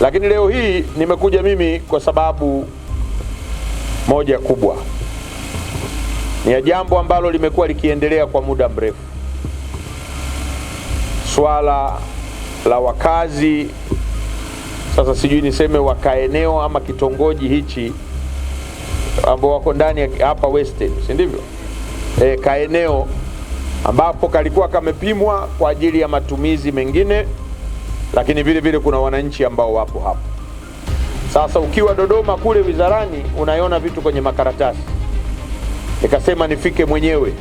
Lakini leo hii nimekuja mimi kwa sababu moja kubwa, ni ya jambo ambalo limekuwa likiendelea kwa muda mrefu, swala la wakazi sasa, sijui niseme wakaeneo ama kitongoji hichi ambao wako ndani hapa Western, si ndivyo? E, kaeneo ambapo kalikuwa kamepimwa kwa ajili ya matumizi mengine, lakini vile vile kuna wananchi ambao wapo hapa. Sasa ukiwa Dodoma kule wizarani, unaiona vitu kwenye makaratasi, nikasema nifike mwenyewe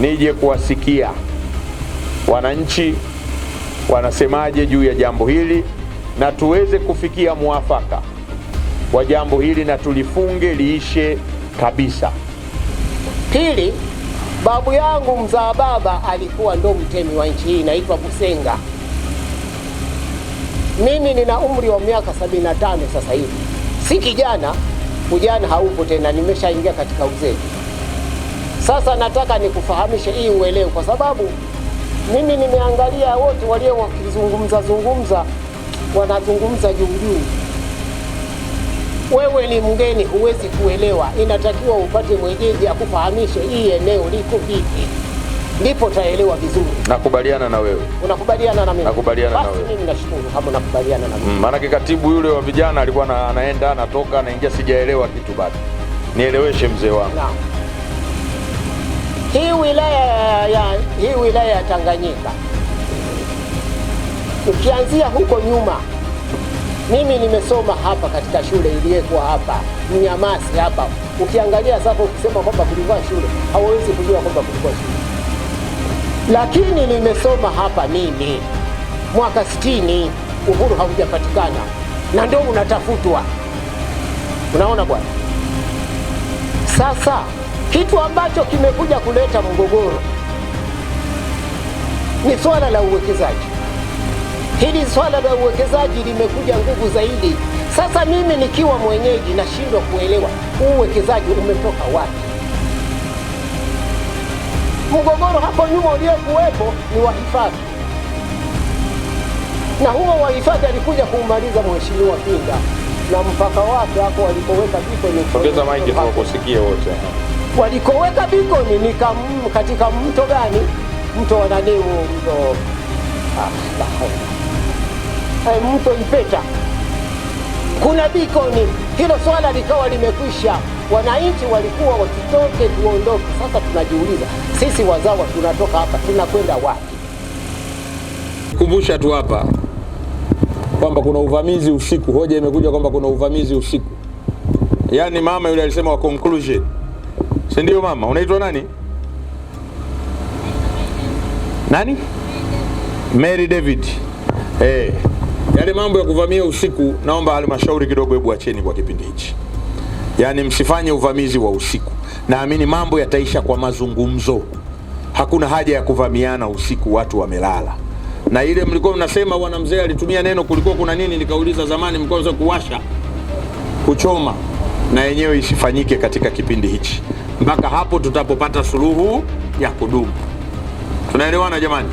nije kuwasikia wananchi wanasemaje juu ya jambo hili na tuweze kufikia mwafaka wa jambo hili na tulifunge liishe kabisa. Pili, babu yangu mzaa baba alikuwa ndo mtemi wa nchi hii, naitwa Busenga. Mimi nina umri wa miaka 75 sasa hivi, si kijana. Ujana haupo tena, nimeshaingia katika uzee. Sasa nataka nikufahamishe hii uelewe, kwa sababu mimi nimeangalia wote walio wakizungumza zungumza, wanazungumza juu juu wewe ni mgeni, huwezi kuelewa. Inatakiwa upate mwenyeji akufahamishe hii eneo liko vipi, ndipo taelewa vizuri. Nakubaliana na wewe, unakubaliana na mimi, nakubaliana na wewe. Mimi nashukuru kama nakubaliana na mimi, mm, maanake katibu yule wa vijana alikuwa anaenda anatoka anaingia, sijaelewa kitu bado. Nieleweshe mzee wangu na. Hii wilaya ya hii wilaya ya Tanganyika ukianzia huko nyuma mimi nimesoma hapa katika shule iliyekuwa hapa Mnyamasi hapa. Ukiangalia sasa, ukisema kwamba kulikuwa shule, hawawezi kujua kwamba kulikuwa shule, lakini nimesoma hapa mimi mwaka sitini, uhuru haujapatikana na ndio unatafutwa. Unaona bwana, sasa kitu ambacho kimekuja kuleta mgogoro ni swala la uwekezaji hili swala la uwekezaji limekuja nguvu zaidi. Sasa mimi nikiwa mwenyeji nashindwa kuelewa uwekezaji umetoka wapi. Mgogoro hapo nyuma uliokuwepo ni wahifadhi, na huo wahifadhi alikuja kuumaliza Mheshimiwa Pinda na mpaka wake hapo walipoweka bikoni, ongeza maiki tuwakusikie wote, walikoweka bikoni ni katika mto gani? Mto wa nani? Mto ah, mto Mpeta, kuna Bikoni. Hilo swala likawa limekwisha, wananchi walikuwa wakitoke tuondoke. Sasa tunajiuliza sisi wazawa, tunatoka hapa tunakwenda wapi? Kumbusha tu hapa kwamba kuna uvamizi usiku. Hoja imekuja kwamba kuna uvamizi usiku, yaani mama yule alisema wa conclusion, si ndio? Mama unaitwa nani? Nani? Mary David, Hey. Eh. Yale mambo ya kuvamia usiku, naomba halmashauri kidogo, hebu acheni kwa kipindi hichi, yaani msifanye uvamizi wa usiku. Naamini mambo yataisha kwa mazungumzo, hakuna haja ya kuvamiana usiku, watu wamelala. Na ile mlikuwa mnasema, bwana mzee alitumia neno, kulikuwa kuna nini? Nikauliza zamani, mkaweza kuwasha kuchoma, na yenyewe isifanyike katika kipindi hichi, mpaka hapo tutapopata suluhu ya kudumu. Tunaelewana jamani?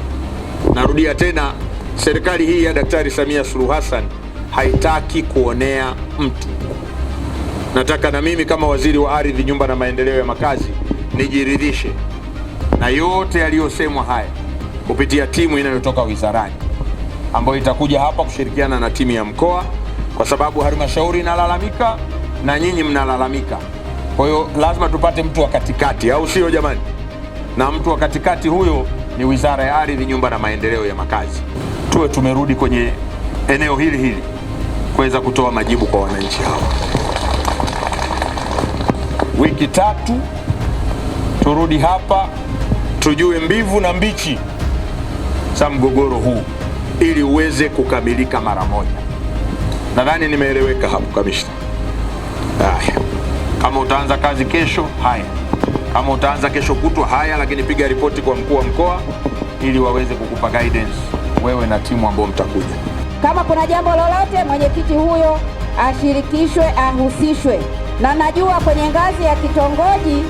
Narudia tena Serikali hii ya Daktari Samia Suluhu Hassan haitaki kuonea mtu. Nataka na mimi kama waziri wa ardhi, nyumba na maendeleo ya makazi nijiridhishe na yote yaliyosemwa haya kupitia timu inayotoka wizarani ambayo itakuja hapa kushirikiana na timu ya mkoa, kwa sababu halmashauri inalalamika na nyinyi mnalalamika. Kwa hiyo lazima tupate mtu wa katikati, au sio jamani? Na mtu wa katikati huyo ni Wizara ya Ardhi, Nyumba na Maendeleo ya Makazi tuwe tumerudi kwenye eneo hili hili kuweza kutoa majibu kwa wananchi hao. Wiki tatu turudi hapa tujue mbivu na mbichi za mgogoro huu ili uweze kukamilika mara moja. Nadhani nimeeleweka hapo kamishna. Haya, kama utaanza kazi kesho, haya kama utaanza kesho kutwa, haya, lakini piga ripoti kwa mkuu wa mkoa ili waweze kukupa guidance wewe na timu ambao mtakuja. Kama kuna jambo lolote, mwenyekiti huyo ashirikishwe, ahusishwe, na najua kwenye ngazi ya kitongoji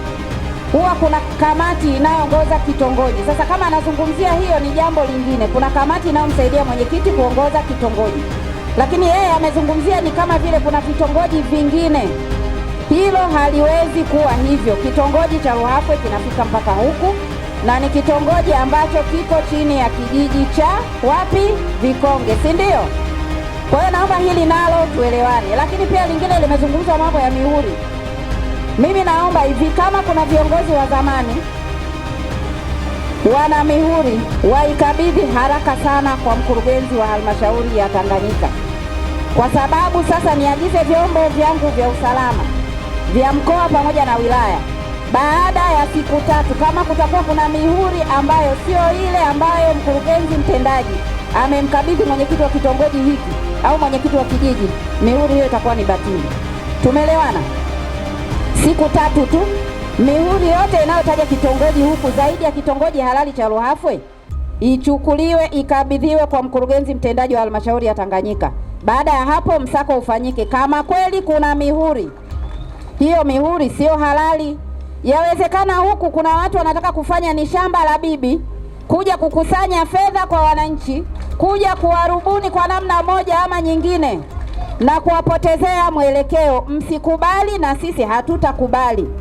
huwa kuna kamati inayoongoza kitongoji. Sasa kama anazungumzia hiyo ni jambo lingine, kuna kamati inayomsaidia mwenyekiti kuongoza kitongoji, lakini yeye amezungumzia ni kama vile kuna vitongoji vingine. Hilo haliwezi kuwa hivyo. Kitongoji cha Ruhafwe kinafika mpaka huku na ni kitongoji ambacho kiko chini ya kijiji cha wapi? Vikonge, si ndio? Kwa hiyo naomba hili nalo tuelewane, lakini pia lingine limezungumzwa mambo ya mihuri. Mimi naomba hivi, kama kuna viongozi wa zamani wana mihuri, waikabidhi haraka sana kwa mkurugenzi wa halmashauri ya Tanganyika, kwa sababu sasa niagize vyombo vyangu vya usalama vya mkoa pamoja na wilaya baada ya siku tatu, kama kutakuwa kuna mihuri ambayo sio ile ambayo mkurugenzi mtendaji amemkabidhi mwenyekiti wa kitongoji hiki au mwenyekiti wa kijiji, mihuri hiyo itakuwa ni batili. Tumeelewana? Siku tatu tu mihuri yote inayotaja kitongoji huku zaidi ya kitongoji halali cha ruhafwe ichukuliwe ikabidhiwe kwa mkurugenzi mtendaji wa halmashauri ya Tanganyika. Baada ya hapo, msako ufanyike. Kama kweli kuna mihuri, hiyo mihuri sio halali, Yawezekana huku kuna watu wanataka kufanya ni shamba la bibi, kuja kukusanya fedha kwa wananchi, kuja kuwarubuni kwa namna moja ama nyingine na kuwapotezea mwelekeo. Msikubali na sisi hatutakubali.